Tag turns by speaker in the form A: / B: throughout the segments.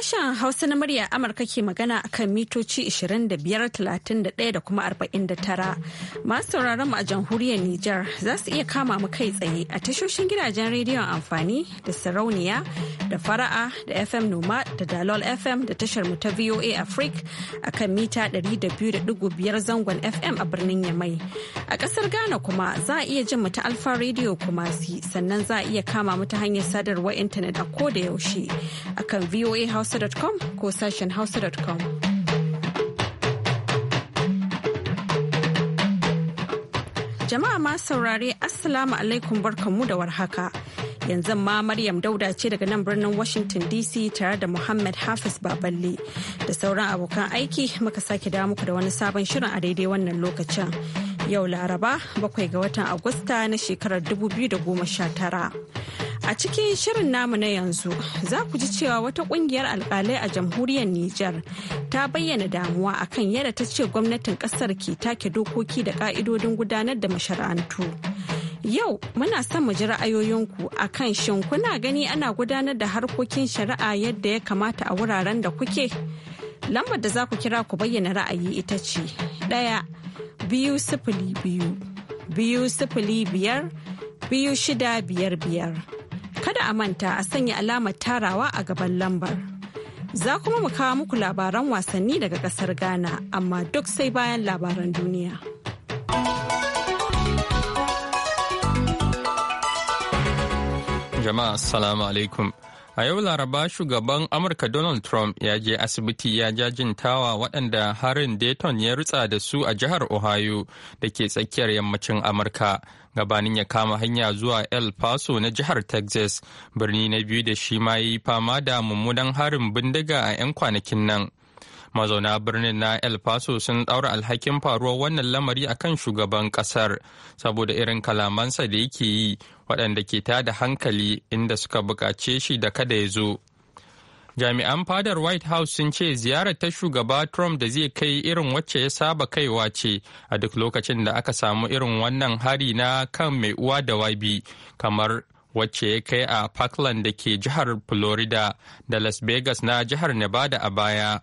A: Sashen Hausa na murya Amurka ke magana a kan mitoci 25,31 da kuma 49. Masu sauraron mu a jamhuriyar Nijar za su iya kama mu kai tsaye a tashoshin gidajen rediyon amfani da sarauniya da fara'a da FM Noma da Dalol FM da tashar mu ta VOA Africa a kan mita 200.5 zangon FM a birnin Yamai. A ƙasar Ghana kuma za a iya jin mu ta Alfa Radio Kumasi sannan za a iya kama mu ta hanyar sadarwar intanet a ko da yaushe a kan VOA hausa.com ko sashen hausa.com. Jama'a ma saurare Assalamu alaikum barkanmu da warhaka. Yanzu ma Maryam Dauda ce daga nan birnin Washington DC tare da Muhammad Hafiz Baballe da sauran abokan aiki muka sake da muku da wani sabon shirin a daidai wannan lokacin. Yau Laraba bakwai ga watan Agusta na shekarar 2019. A cikin shirin namu na yanzu za ku ji cewa wata kungiyar alkalai a jamhuriyar Nijar ta bayyana damuwa akan yadda ta ce gwamnatin kasar ke take dokoki da ka'idodin gudanar da mashara'antu. Yau muna son mu ji ra'ayoyinku a kan shin kuna gani ana gudanar da harkokin shari'a yadda ya kamata a wuraren da kuke? Lambar da za ku kira ku bayyana ra'ayi ita ce ɗaya biyu sifili biyu biyu sifili biyar biyu shida biyar biyar. Kada a manta a sanya alamar tarawa a gaban lambar. Za kuma mu kawo muku labaran wasanni daga kasar Ghana, amma duk sai bayan labaran duniya.
B: Jama'a, Assalamu alaikum. A yau Laraba shugaban Amurka Donald Trump ya je asibiti ya jajintawa waɗanda harin Dayton ya rutsa da su a jihar Ohio da ke tsakiyar yammacin Amurka. Gabanin ya kama hanya zuwa El Paso na jihar Texas, birni na biyu da shi ma yi fama da mummunan harin bindiga a 'yan kwanakin nan. mazauna birnin na el paso sun daura alhakin faruwar wannan lamari akan shugaban kasar saboda irin kalamansa da yake yi waɗanda ke tada hankali inda suka buƙace shi da kada ya zo jami'an fadar white house sun ce ziyarar ta shugaba trump da zai kai irin wacce ya saba kaiwa ce a duk lokacin da aka samu irin wannan hari na kan mai uwa da wabi kamar wacce ya kai a parkland da ke jihar florida da las vegas na jihar nevada a baya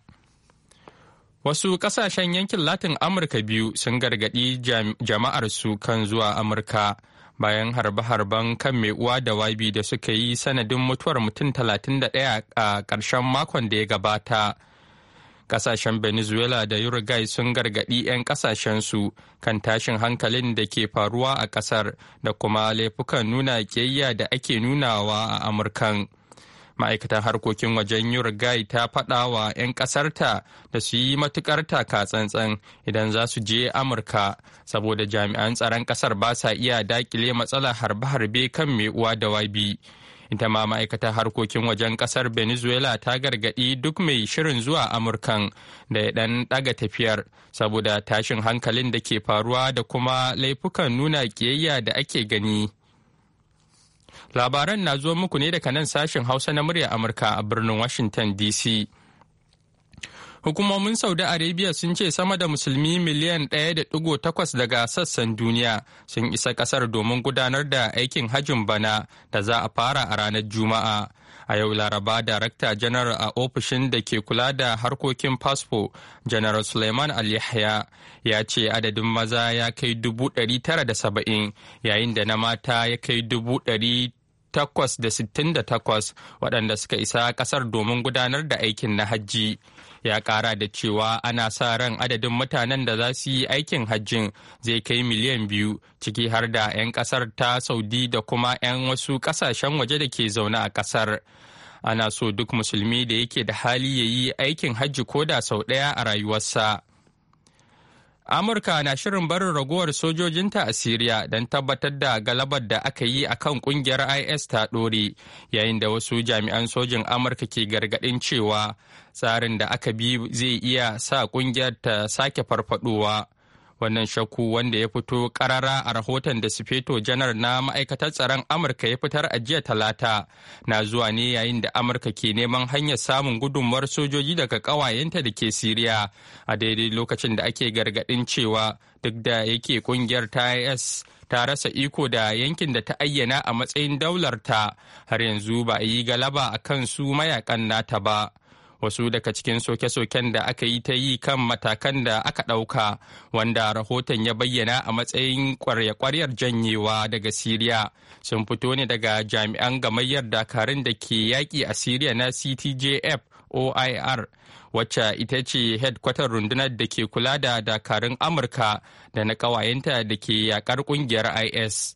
B: Wasu ƙasashen yankin Latin Amurka biyu sun gargaɗi jama'arsu kan zuwa Amurka bayan harbe-harben kan mai uwa da wabi da suka yi sanadin mutuwar mutum 31 a ƙarshen makon da ya gabata. Ƙasashen Venezuela da Uruguay sun gargaɗi 'yan su kan tashin hankalin da ke faruwa a ƙasar da kuma laifukan nuna ƙiyayya da ake nunawa a Amurkan. ma'aikatan harkokin wajen yurgai ta faɗa wa 'yan ƙasarta da su yi matuƙar taka tsantsan idan za su je amurka saboda jami'an tsaron ƙasar ba sa iya daƙile matsalar harbe-harbe kan mai uwa da wabi ita ma ma'aikatar harkokin wajen ƙasar venezuela ta gargaɗi duk mai shirin zuwa amurkan da ya ɗan ɗaga tafiyar saboda tashin hankalin da ke faruwa da kuma laifukan nuna ƙiyayya da ake gani. Labaran na zo muku ne daga nan sashen Hausa na murya Amurka a birnin Washington DC. Hukumomin Saudi Arabia sun ce sama da musulmi miliyan 1.8 daga sassan duniya sun isa kasar domin gudanar da aikin hajjin bana da za a fara a ranar Juma'a. a yau laraba darakta janar a ofishin da ke kula da harkokin fasfo janar suleiman al-yahya ya ce adadin maza ya kai dubu yayin da na mata ya kai dubu takwas da da sittin takwas waɗanda suka isa ƙasar domin gudanar da aikin na hajji. ya ƙara da cewa ana sa ran adadin mutanen da za su yi aikin hajjin zai kai miliyan biyu ciki har da 'yan ƙasar ta saudi da kuma 'yan wasu ƙasashen waje da ke zaune a ƙasar ana so duk musulmi da yake da hali ya yi aikin hajji ko da sau ɗaya a rayuwarsa Amurka na shirin barin raguwar sojojinta a Siriya don tabbatar da galabar da aka yi a kan kungiyar IS ta ɗore, yayin da wasu jami'an sojin Amurka ke gargaɗin cewa tsarin da aka bi zai iya sa kungiyar ta sake farfaɗowa wannan shakku wanda ya fito karara a rahoton da sufeto janar na ma'aikatar tsaron amurka ya fitar a jiya talata na zuwa ne yayin da amurka ke neman hanyar samun gudunmuwar sojoji daga ƙawayenta da ke siriya a daidai lokacin da ake gargadin cewa duk da yake kungiyar ta is ta rasa iko da yankin da ta ayyana a matsayin daular ta har yanzu ba a yi galaba a kan su mayakan nata ba wasu daga cikin soke-soken da aka yi ta yi kan matakan da aka ɗauka wanda rahoton ya bayyana a matsayin kwarya-kwaryar janyewa daga siriya sun fito ne daga jami'an gamayyar dakarun da ke yaƙi a siriya na ctjf oir wacce ita ce hedkwatar rundunar da ke kula da dakarun amurka da na kawayenta da ke yaƙar ƙungiyar is.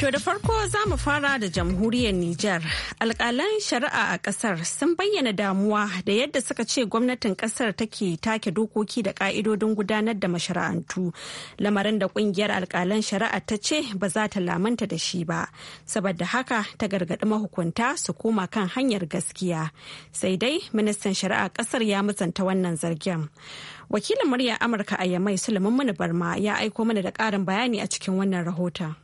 A: To da farko za mu fara da jamhuriyar Nijar. Alƙalan shari'a a ƙasar sun bayyana damuwa da yadda suka ce gwamnatin ƙasar take take dokoki da ƙa'idodin gudanar da mashara'antu. Lamarin da ƙungiyar alƙalan shari'a ta ce ba za ta lamanta da shi ba. Saboda haka ta gargaɗi mahukunta su koma kan hanyar gaskiya. Sai dai ministan shari'a ƙasar ya mutunta wannan zargin. Wakilin Murya Amurka a Yamai Sulaiman Barma ya aiko mana da ƙarin bayani a cikin wannan rahoton.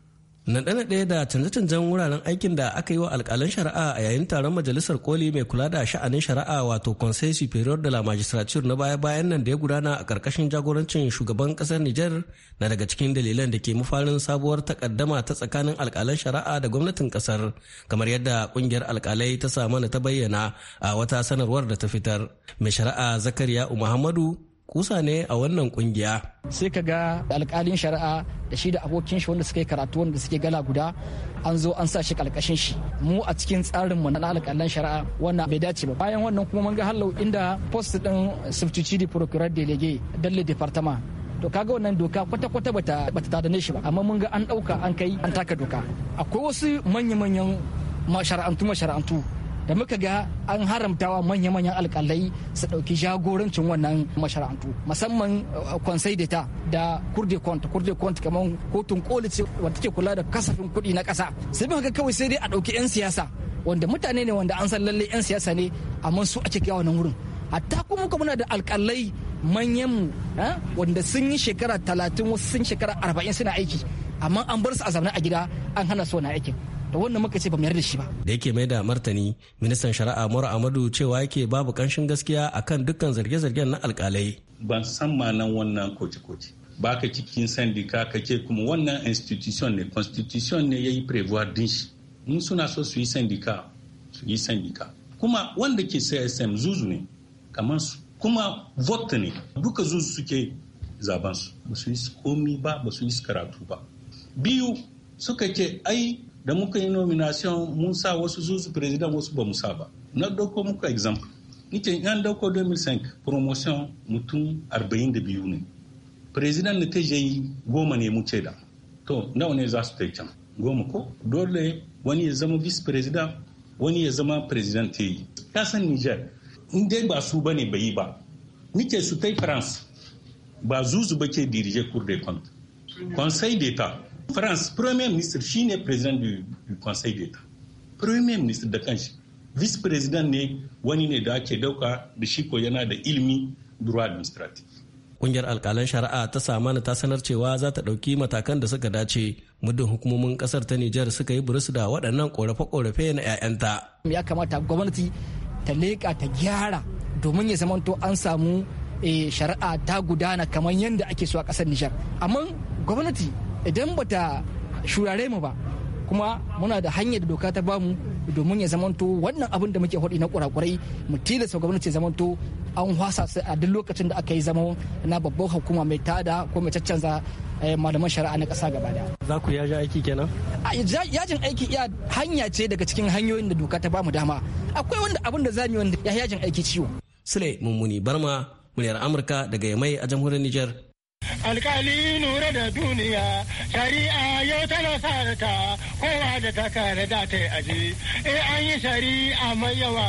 C: naɗe ɗaya da canje-canjen wuraren aikin da aka yi wa alƙalan shari'a a yayin taron majalisar koli mai kula da sha'anin shari'a wato conseil superior de la magistrature na baya-bayan nan da ya gudana a ƙarƙashin jagorancin shugaban ƙasar niger na daga cikin dalilan da ke mafarin sabuwar takaddama ta tsakanin alƙalan shari'a da gwamnatin ƙasar kamar yadda ƙungiyar alƙalai ta sa mana ta bayyana a wata sanarwar da ta fitar mai shari'a zakariya muhammadu kusa ne a wannan kungiya.
D: Sai ka ga alkalin shari'a da shi da abokin shi wanda suka yi karatu wanda suke gala guda an zo an sa shi kalkashin shi. Mu a cikin tsarin mu na alkalin shari'a wannan bai dace ba. Bayan wannan kuma mun ga hallau inda post din substitute procureur delege dalle department to kaga wannan doka kwata-kwata bata bata tada ne shi ba amma mun ga an dauka an kai an taka doka akwai wasu manya-manyan masharantu mashara'antu da muka ga an haramtawa manya-manyan alkalai su ɗauki jagorancin wannan masharantu musamman uh, konsai da ta da kurde kont kurde kont kamar kotun koli ce wadda take kula da kasafin kuɗi na ƙasa sai muka ga kawai sai dai a ɗauki 'yan siyasa wanda mutane ne wanda an san lallai 'yan siyasa ne amma su ake kyawa nan wurin hatta kuma muka muna da alkalai manyanmu eh, wanda sun yi shekara talatin wasu sun shekara arba'in suna aiki amma an bar su a zaune a gida an hana su wani aikin ba wannan muka ce ba mu yarda shi ba
C: da yake mai da martani ministan shari'a mura amadu cewa yake babu kanshin gaskiya a kan dukkan zarge-zargen na alkalai ban
E: san malan wannan koci-koci. ba ka cikin sandika ka ce kuma wannan institution ne constitution ne ya yi prevoir din shi in suna so su yi sandika su yi sandika kuma wanda ke csm zuzu ne kamar su kuma vote ne duka zuzu suke zaben su ba su yi komi ba ba su yi karatu ba biyu suka ce ai da muka yi nomination mun sa wasu zuzu president wasu ba mu sa ba na dauko muku example nike yan dauko 2005 promotion mutum 42 ne president na ta yi goma ne mu ce da to nawa ne za su ta can goma ko dole wani ya zama vice president wani ya zama president ta yi ka niger in dai ba su ne ba yi ba nike su ta france ba zuzu ba ke dirije cour des comptes conseil d'etat France, Premier ministre ne president du, Conseil d'État. Premier ministre da kanshi. Vice president ne wani ne da ake dauka da shi ko yana da ilimi droit administratif.
C: Kungiyar alkalan shari'a ta samana ta sanar cewa za ta ɗauki matakan da suka dace muddin hukumomin kasar ta Nijar suka yi burus da waɗannan ƙorafe-ƙorafe na 'ya'yanta.
D: Ya kamata gwamnati ta leƙa ta gyara domin ya zamanto an samu eh, shari'a ta gudana kamar yadda ake so a ƙasar Nijar. Amma gwamnati idan bata shurare mu ba kuma muna da hanyar da doka ta bamu domin ya zamanto wannan abin da muke faɗi na kurakurai mu tilasta gwamnati ya zamanto an hwasa su a duk lokacin da aka yi zama na babban hukuma mai tada ko mai caccanza eh, malaman shari'a na ƙasa gaba da. Za ku yaji aiki kenan? Yajin aiki iya hanya ce daga cikin hanyoyin da doka ta bamu dama. Akwai wanda abin da zamu yi wanda ya yajin aiki ciwo.
C: Sule Mummuni Barma, muryar Amurka daga Yamai a jamhuriyar Nijar.
D: alkali nura da duniya shari'a yau
F: tana sa ta kowa da ta kare da ta aji eh, an yi shari'a mai
A: yawa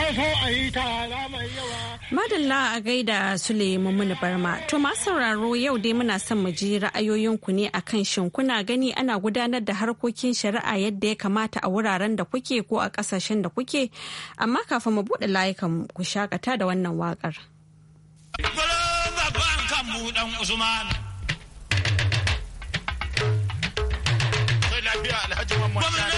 A: an so a yi tara mai yawa madalla a gaida sule mummuni barma to ma sauraro yau dai muna son mu ji ra'ayoyinku ne akan shin kuna gani ana gudanar da harkokin shari'a yadda ya kamata a wuraren da kuke ko a kasashen da kuke amma kafin mu buɗe layukan ku shakata da wannan waƙar.
G: Abu dan Usman. Sai lafiya Alhaji Mamman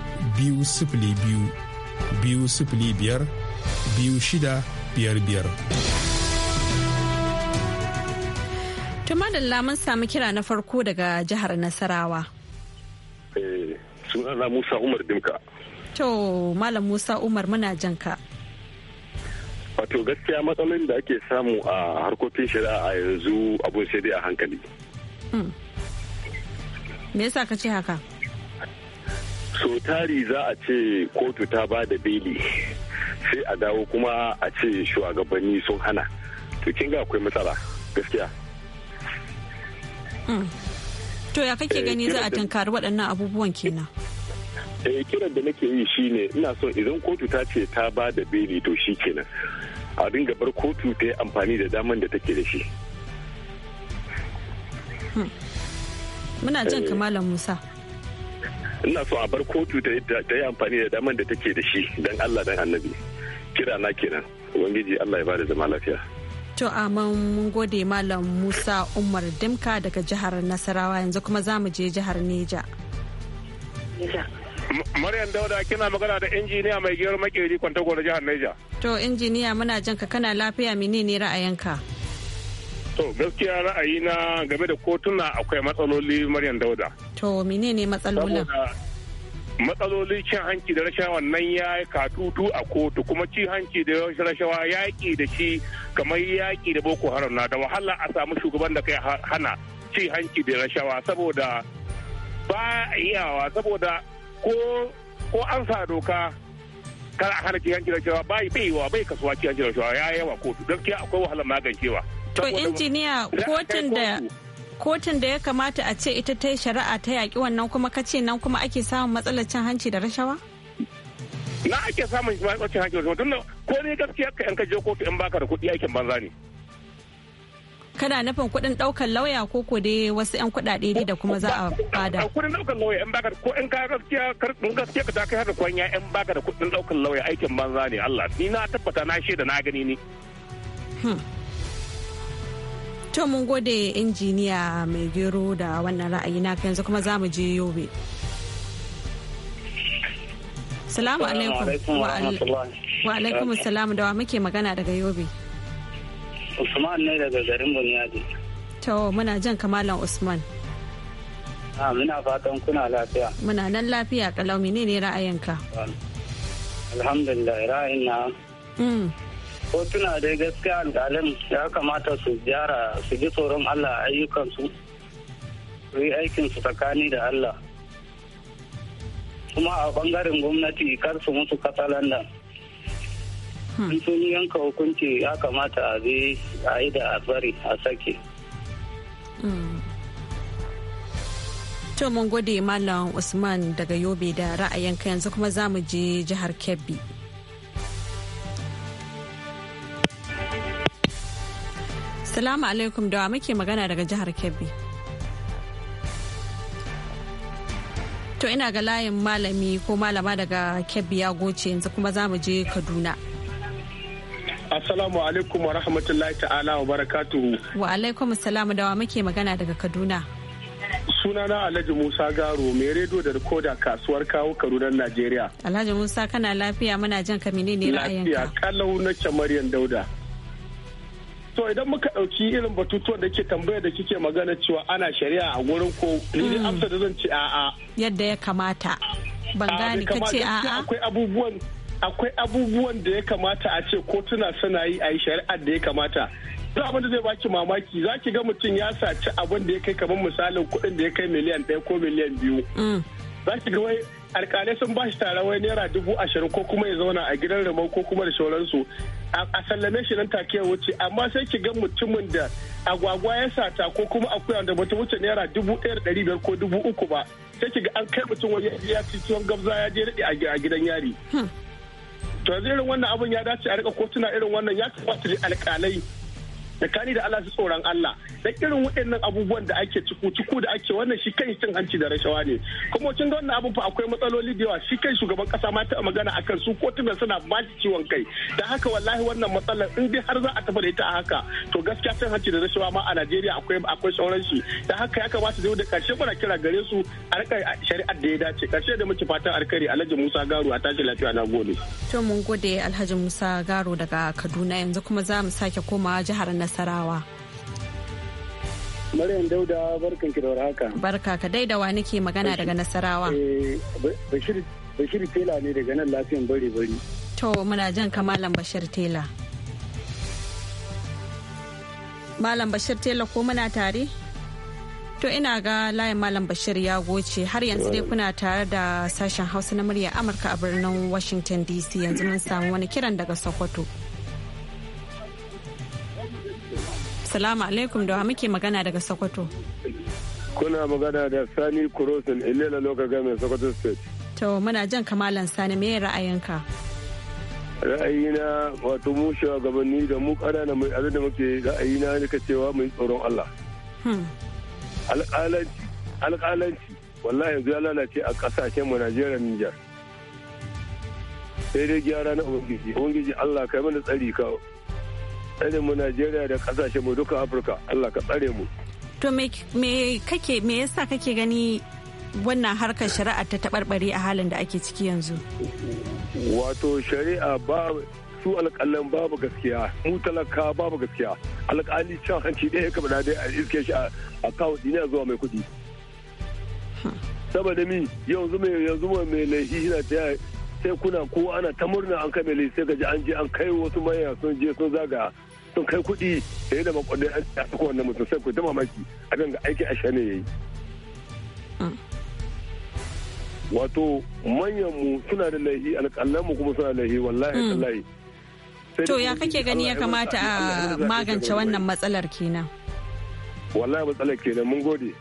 F: biyu sifili
A: Tumadalla mun samu kira na farko daga jihar Nasarawa.
F: Eh, sunana Musa Umar Dimka.
A: To, Malam Musa Umar muna jan
F: Wato gaskiya matsalolin da ake samu a harkokin shari'a a yanzu abun sai dai hankali. Hmm.
A: Me yasa ka ce haka?
F: so tari za a ce kotu ta ba da beli sai a dawo kuma a ce shugabanni sun hana to kin ga akwai matsala gaskiya
A: hmm. to ya kake eh, gani za a tankari waɗannan abubuwan kenan
F: eh kiran da nake yi shine ina so idan kotu ta ce ta ba da beli to shi kenan a dinga bar kotu ta yi amfani da daman da take da shi
A: hmm. muna jin kamalan eh. musa
F: ina so a bar kotu ta yi amfani da daman da take da shi don allah don annabi kira na kenan ubangiji allah ya bada zama lafiya
A: to aman mun gode malam musa umar dimka daga jihar nasarawa yanzu kuma za mu je jihar neja
F: Maryam Dauda kina magana da injiniya mai gero makeri kwantago da jihar Neja.
A: To injiniya muna jan ka kana lafiya menene ra'ayinka?
F: To gaskiya ra'ayi na game da kotuna akwai matsaloli Maryam Dauda.
A: To menene matsalolin?
F: matsalolin cin hanci da rashawa nan ya katutu a kotu kuma cin hanci da rashawa yaƙi da shi kamar yaƙi da boko haram na da wahala a samu shugaban da kai hana cin hanci da rashawa saboda ba iyawa saboda ko ko an sa doka kar a hana cin hanci da rashawa bai baiwa bai kasuwa cin hanci da rashawa ya yawa kotu gaskiya akwai wahala magancewa. To
A: injiniya kotun da kotun da ya kamata a ce ita ta yi shari'a ta yaƙi wannan kuma ka ce nan kuma ake samun matsalar cin hanci da rashawa?
F: Na ake samun matsalar cin hanci da rashawa ko ne gaskiya ka yanka je kotu in baka da kuɗi aikin banza ne.
A: Kana nufin kuɗin ɗaukar lauya ko ko dai wasu 'yan kuɗaɗe ne da kuma za a bada?
F: Kuɗin ɗaukar lauya in baka da ko in ka gaskiya in gaskiya ka kai har da kwanya in baka da kuɗin ɗaukar lauya aikin banza ne Allah ni na tabbata na shaida na gani ne.
A: To mun gode injiniya mai gero da wannan ra'ayi na yanzu kuma za mu je yobe. Salamu alaikum.
F: Wa alaikum salamu
A: da wa muke magana daga yobe.
F: Usman ne daga garin Bunyadi.
A: To muna jan kamalan Usman.
F: A ah, muna fatan kuna lafiya.
A: Muna nan lafiya kalau ne ne ra'ayinka?
F: Alhamdulillah ra'ayin na. Mm. hotuna dai gaskiya alƙalin ya kamata su gyara su ji tsoron allah ayyukansu su yi aikinsu tsakani da allah kuma a bangaren gwamnati kar su mutu nan hmm. in sun yanka hukunci ya kamata a bi a yi da asari a sake
A: hmm. to mun gode malam usman daga yobe da ra'ayinka yanzu kuma za mu je jihar kebbi Assalamu alaikum da muke magana daga jihar Kebbi. To ina ga layin malami ko malama daga Kebbi ya goce yanzu kuma za mu je Kaduna.
F: Assalamu alaikum wa rahmatullahi ta'ala wa barakatuhu.
A: Wa alaikum assalamu da muke magana daga Kaduna.
F: Sunana Alhaji Musa Garo mai rediyo da rikoda kasuwar kawo karunan Najeriya.
A: Alhaji Musa kana lafiya muna jan ka menene ra'ayinka? Lafiya
F: kalau na Maryam Dauda. to idan muka ɗauki irin batutuwan da ke tambaya da kike magana cewa ana shari'a a gurin ko ni mm. amsa da zan ce a'a
A: yadda ya kamata ban gane ka ce a'a akwai
F: abubuwan akwai abubuwan da ya kamata a ce kotuna suna yi a yi shari'ar da ya kamata duk abin da zai baki mamaki za ki ga mutum ya saci abin da ya kai kamar misalin kuɗin da ya kai miliyan ɗaya ko miliyan biyu mm. za ki ga wai alkalai sun ba shi tara naira dubu ashirin ko kuma ya zauna a gidan ramau ko kuma da sauransu a sallame shi nan take ya wuce amma sai ki ga mutumin da agwagwa ya sata ko kuma akuya da bata wuce naira dubu ɗaya da ɗari biyar ko dubu uku ba sai ki ga an kai mutum wani ya ci ciwon gabza ya je daɗe a gidan yari. Hmm. to yanzu irin wannan abun ya dace a rika kotuna irin wannan ya kamata alkalai tsakani da Allah su tsoron Allah da irin waɗannan abubuwan da ake ciku ciku da ake wannan shi kan cin hanci da rashawa ne kuma cin da wannan abun akwai matsaloli da yawa shi kai shugaban kasa ma ta magana akan su kotunan suna ba shi ciwon kai da haka wallahi wannan matsalar in dai har za a tafi da ita a haka to gaskiya cin hanci da rashawa ma a Najeriya akwai akwai sauran shi da haka ya kamata zai da karshe muna kira gare su a rika shari'ar da ya dace karshe da muke fatan alkari Alhaji Musa Garu a tashi lafiya na gode
A: to mun gode Alhaji Musa Garu daga Kaduna yanzu kuma za mu sake komawa jihar Nasarawa Nasarawa.
F: Maryam Dauda barkan ki da warhaka.
A: Barka ka dai da wa nake magana daga Nasarawa.
F: Eh, Bashir Bashir Tela ne daga nan lafiyan bari bari.
A: To muna jan ka Malam Bashir Tela. Malam Bashir Tela ko muna tare? To ina ga layin Malam Bashir ya goce har yanzu dai kuna tare da sashen Hausa na murya Amurka a birnin Washington DC yanzu mun samu wani kiran daga Sokoto. Assalamu alaikum da muke magana daga Sokoto.
F: Kuna magana da Sani Kurosin Ilela Local Government Sokoto State.
A: To muna jan kamalan Sani me ra'ayinka?
F: Ra'ayina wato mu shugabanni da mu kana mai abin da muke ra'ayina ne ka cewa mu tsoron Allah. Hmm. Alƙalanci alƙalanci wallahi yanzu ya lalace a ƙasashen mu Najeriya Nijar. Sai dai gyara na Ubangiji, Ubangiji Allah kai mana tsari ka tsare mu Najeriya da kasashen mu duka Afirka Allah ka tsare mu
A: to me kake me yasa kake gani wannan harkar shari'a ta taɓarɓare a halin da ake ciki yanzu
F: wato shari'a ba su alƙalan babu gaskiya mu talaka babu gaskiya alƙali can hanci ɗaya ka bada dai a iske shi a kawo dina zuwa mai kuɗi hmm. saboda mi yanzu mai yanzu mai laifi yana ta sai kuna ko ana ta murna an kai mai laifi sai ka ji an je an kai wasu manya sun je sun zaga sun kai kuɗi da yi da makwadai a cikin wannan mutum sai ku ta mamaki abin da aiki a shane ya yi. Wato manyanmu suna da laihi alƙalanmu kuma suna da laihi wallahi mm. tallahi. To ya kake gani ya kamata a magance wannan
A: matsalar kenan?
F: Wallahi matsalar kenan mun gode.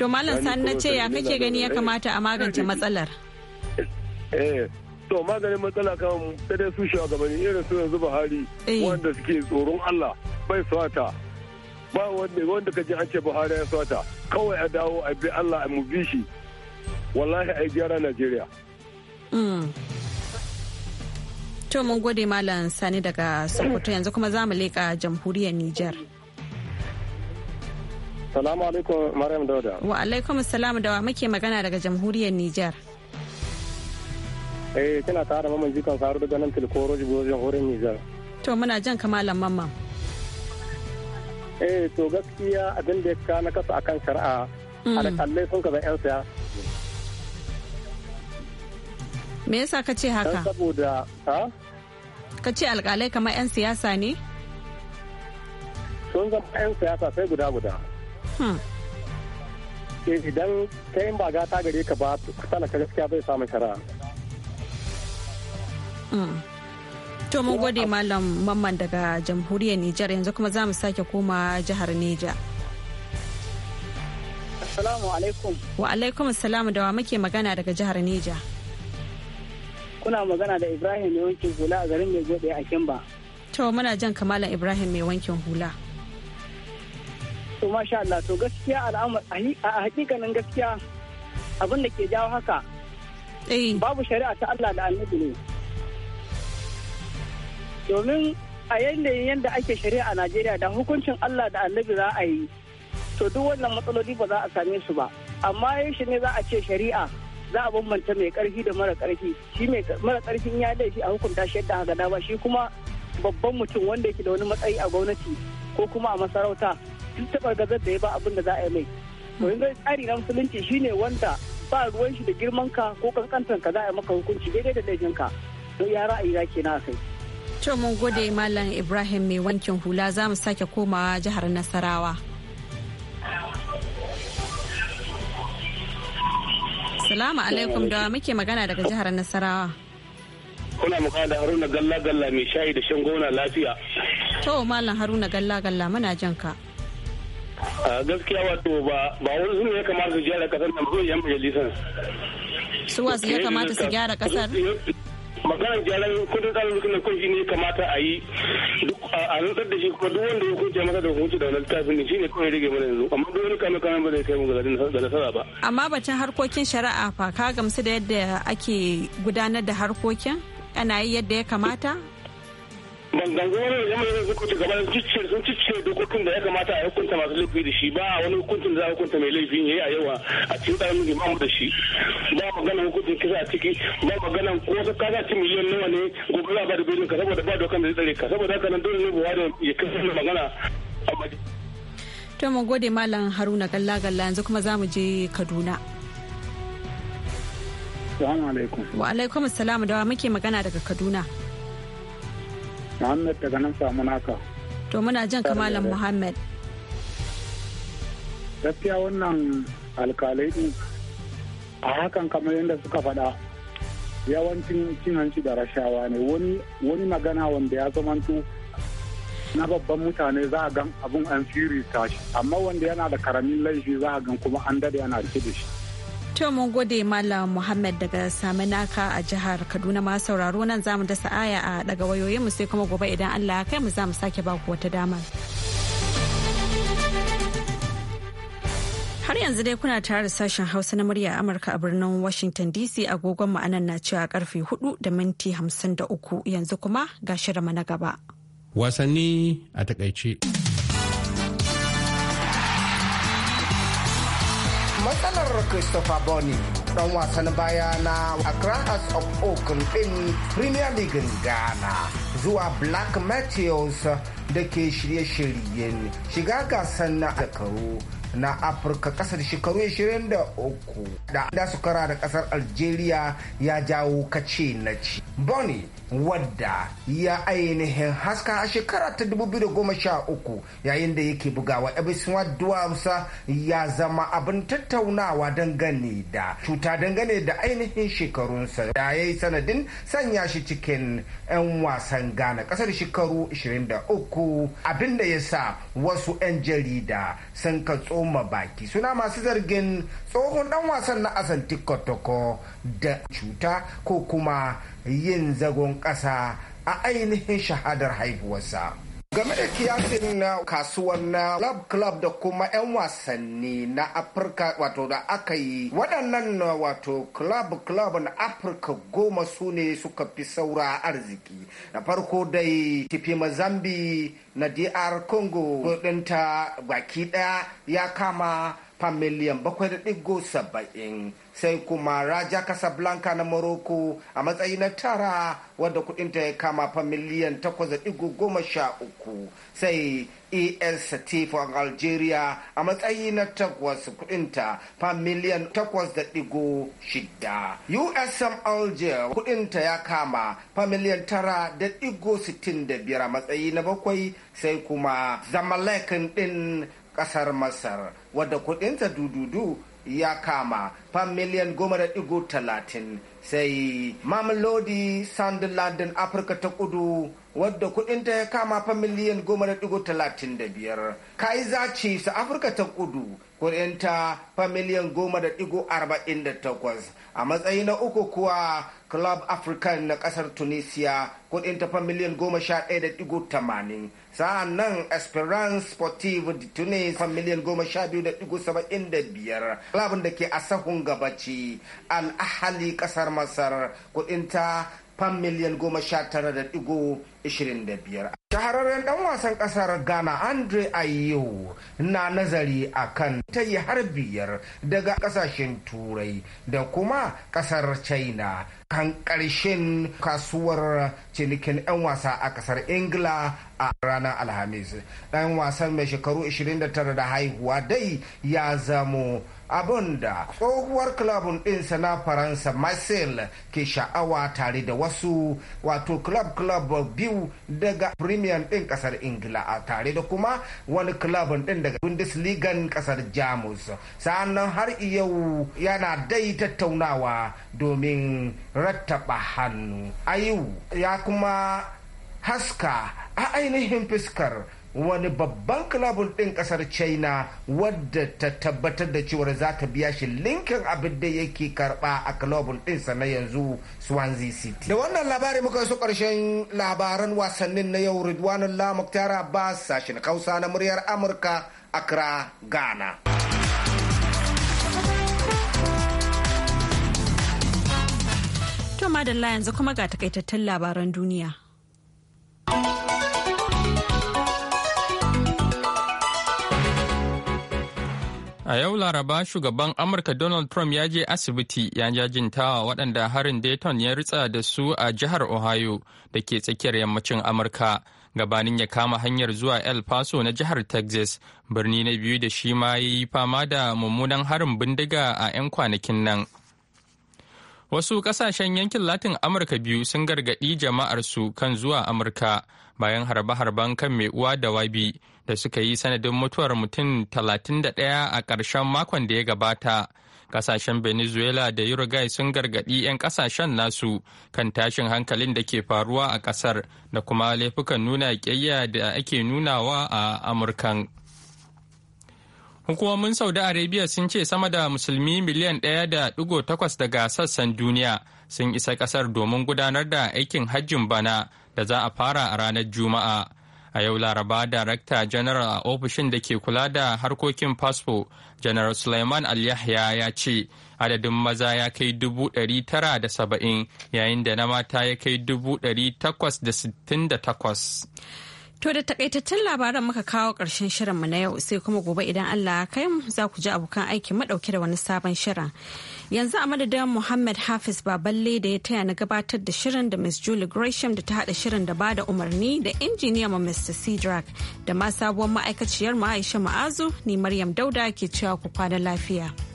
A: To Malam Sani na ce ya kake gani ya kamata a magance eh. matsalar?
F: Eh, to maganin matsala kan sai dai su shugabanni irin su yanzu Buhari eh. wanda suke tsoron Allah bai swata ba wanda wanda ka ji an ce Buhari ya swata kawai a dawo a bi Allah a mu bi shi wallahi a gyara Najeriya
A: mm. to mun gode malam sani daga sokoto yanzu kuma za mu leƙa jamhuriyar niger
F: salamu alaikum maryam dauda wa
A: alaikum salamu dawa muke magana daga jamhuriyar niger
F: eh kina tare da mamman jikan faru da nan tilkoro jibojin horin nijar
A: to muna jan kamalan mamman
F: eh to gaskiya abin da ya ka na kasa akan shari'a mm. alƙalai sun kaza 'yan siya.
A: me yasa ka ce haka
F: saboda ha
A: ka ce alƙalai kamar 'yan siyasa ne
F: sun zama 'yan siyasa sai guda guda hmm. eh, idan ta yin ba gata gare ka ba talaka gaskiya bai samun shari'a
A: To mun gode Malam Mamman daga jamhuriyar Nijar yanzu kuma za mu sake koma jihar Neja.
D: Assalamu alaikum.
A: Wa alaikum assalamu da wa muke magana daga jihar Neja.
D: Kuna magana da Ibrahim mai wankin hula a garin mai gobe a Kimba.
A: To muna jan kamalan Ibrahim mai wankin hula.
D: To masha Allah to gaskiya al'amur a hakikanin gaskiya abin da ke jawo haka. Eh. Babu shari'a ta Allah da annabi ne. domin a yanayin yadda ake shari'a a najeriya da hukuncin allah da annabi za a yi to duk wannan matsaloli ba za a same su ba amma yaushe ne za a ce shari'a za a bambanta mai karfi da mara karfi shi mai mara karfin ya laifi a hukunta shi yadda haka ba shi kuma babban mutum wanda yake da wani matsayi a gwamnati ko kuma a masarauta duk taɓar gazar da ya ba abin da za a yi mai to yanzu tsari na musulunci shi ne wanda ba ruwan shi da girman ka ko kankantan ka za a yi maka hukunci daidai da laifin ka to ya ra'ayi na kenan a kai To mun
A: gode Malam Ibrahim mai wankin hula za mu sake komawa jihar Nasarawa. Salamu alaikum da muke magana daga jihar Nasarawa.
F: Kuna magana da Haruna Galla Galla mai shayi da shan gona lafiya.
A: To Malam Haruna Galla Galla muna jan ka.
F: gaskiya wato ba ba wani sun ya kamata su gyara kasar nan ba yan majalisar.
A: Su wasu ya kamata su gyara kasar?
F: maganar gyaran kudin tsarin na kwanci ne kamata a yi a rantsar da shi kuma duk wanda ya kuce masa da hukunci da wannan shi ne kawai rage mana yanzu amma duk wani kamar kamar ba zai kai mu ga nasara ba
A: amma batun harkokin shari'a fa ka gamsu da yadda ake gudanar da harkokin ana yi yadda ya kamata
F: dangangon wani da zama yanzu kuce gaba cicce sun cicce dokokin da ya kamata a hukunta masu laifi da shi ba wani hukuncin da za a hukunta mai laifin ya yi a yawa a cikin tsarin da mu da shi ba magana hukuncin kisa a ciki ba magana ko wasu kasa ci miliyan nawa ne gobe za ba da birnin ka saboda ba dokan da zai tsare ka saboda haka nan dole ne buwa da ya kasance magana
A: to mu gode malam haruna galla galla yanzu kuma za mu je kaduna wa alaikum assalamu da muke magana daga kaduna
F: muhammad daga nan samu naka
A: to muna jan kamalan muhammad
F: gaskiya wannan alkalai din a hakan kamar yadda suka faɗa yawancin cin hanci da rashawa ne wani magana wanda ya zamanto na babban mutane za a gan abun an firi tashi amma wanda yana da karamin laifi za a gan kuma an dade yana rike da shi
A: To mun gode Malam Muhammad daga Saminaka a jihar Kaduna ma sauraro nan za mu dasa aya a daga wayoyinmu sai kuma gobe idan Allah kai mu za mu sake ba ku wata dama. Har yanzu dai kuna tare da sashen Hausa na murya Amurka a birnin Washington DC agogon ma'anan na cewa karfe 4 da minti 53 yanzu kuma ga shirama na gaba.
B: Wasanni a takaice.
H: Christopher Bonny ɗan wasan baya na Accra House of Oak ɗin Premier League Ghana zuwa Black Meteors da ke shirye-shiryen shiga gasan na Dakaru na afirka kasar shekaru 23 da da su kara da kasar algeria ya jawo kace na ci boni wadda ya ainihin haska a shekara ta 2013 yayin da yake bugawa ebiswa duwamsa ya zama abin tattaunawa dangane da cuta dangane da ainihin shekarunsa da ya yi sanadin sanya shi cikin 'yan wasan ghana kasar shekaru 23 abinda ya sa wasu 'yan jarida sun katso kuma baki suna masu zargin tsohon dan wasan na asanti kotoko da cuta ko kuma yin zagon ƙasa a ainihin shahadar haihuwarsa Game da kiyasin na kasuwar na club club da kuma 'yan wasanni na Afirka wato da aka yi waɗannan wato club club na Afirka goma su ne suka fi saura arziki. Na farko dai tifi Mazambi na DR Congo kudinta baki ɗaya ya kama familiyan bakwai da saba'in. sai kuma raja casablanca na morocco a matsayi na tara wadda kudinta ya kama fa miliyan 8.13 sai est a algeria a matsayi na takwas kudinta fa miliyan 8.6 usm alger kudinta ya kama fa miliyan 9.65 a matsayi na bakwai sai kuma zamalekin din kasar masar wadda kudinta dududu ya kama fam miliyan goma da digo talatin sai sandland sandlandin afirka ta kudu wadda kudinta ya kama fa miliyan goma da digo talatin da biyar kaiza chiefs afirka ta kudu kudinta fa miliyan goma da digo arba'in da takwas a matsayi na uku kuwa club african na kasar tunisia kudin tafa miliyan goma sha ɗaya da digo tamanin sa'an nan esperance sportive de tunis fa miliyan goma sha biyu da digo saba'in da biyar club da ke a sahun gabaci al ahali kasar masar kudin ta fan miliyan goma sha tara da digo ishirin da biyar. Shahararren dan wasan ƙasar Ghana Andre Ayew na nazari a kan ta yi har biyar daga ƙasashen Turai da kuma ƙasar China kan ƙarshen kasuwar cinikin 'yan wasa a ƙasar Ingila a ranar Alhamis. ɗan wasan mai shekaru 29 da haihuwa dai ya zamo abin da tsohuwar klabun ɗinsa na faransa marcel ke sha'awa tare da wasu wato club club biyu daga premier ɗin ƙasar ingila a tare da kuma wani club ɗin daga bundesligan ƙasar jamus sa'annan har yau yana dai tattaunawa domin rattaba hannu ayu ya kuma haska a ainihin fuskar wani babban kilabun din kasar china wadda ta tabbatar da cewar za ta biya shi linkin abin da yake karba a kilabun ɗinsa na yanzu swansea city da wannan labari muka su karshen labaran wasannin na yau ridwanul lamuk tara abbas sashen kausa na muryar amurka kira ghana
A: to madalla yanzu kuma ga takaitattun labaran duniya
B: A yau Laraba shugaban Amurka Donald Trump ya je asibiti ya jajintawa waɗanda harin Dayton ya ritsa da su a jihar Ohio da ke tsakiyar yammacin Amurka. Gabanin ya kama hanyar zuwa El Paso na jihar Texas, birni na biyu da shi ma ya yi fama da mummunan harin bindiga a 'yan kwanakin nan. Wasu ƙasashen yankin Latin Amurka biyu sun gargaɗi jama'arsu kan zuwa Amurka. bayan harbe-harben kan mai uwa da wabi da suka yi sanadin mutuwar mutum 31 a ƙarshen makon da ya gabata. Kasashen Venezuela da Uruguay sun gargaɗi 'yan kasashen nasu kan tashin hankalin da ke faruwa a ƙasar da kuma laifukan nuna ƙiyayya da ake nunawa a Amurkan. Hukumomin Saudi Arabia sun ce sama da musulmi miliyan ɗaya da digo takwas daga sassan duniya sun isa ƙasar domin gudanar da aikin hajjin bana. da za a fara a ranar Juma'a. A yau Laraba Darakta General a ofishin da ke kula da harkokin fasfo, janaral Suleiman Al-Yahya ya ce adadin maza ya kai dubu ɗari tara da saba'in yayin da na mata ya kai dubu ɗari takwas da sittin da takwas.
A: To da takaitaccen labaran muka kawo ƙarshen shirinmu na yau sai kuma gobe idan Allah ya kai mu za ku ji abokan aiki madauke da wani sabon shirin. yanzu a madadin muhammad hafiz baballe da ya taya na gabatar da shirin da miss julie gresham da ta haɗa shirin da bada umarni da injiniya ma mr cedric da ma sabuwar ma'aikaciyar ma'aisha ma'azu ni maryam dauda ke cewa ku kwana lafiya.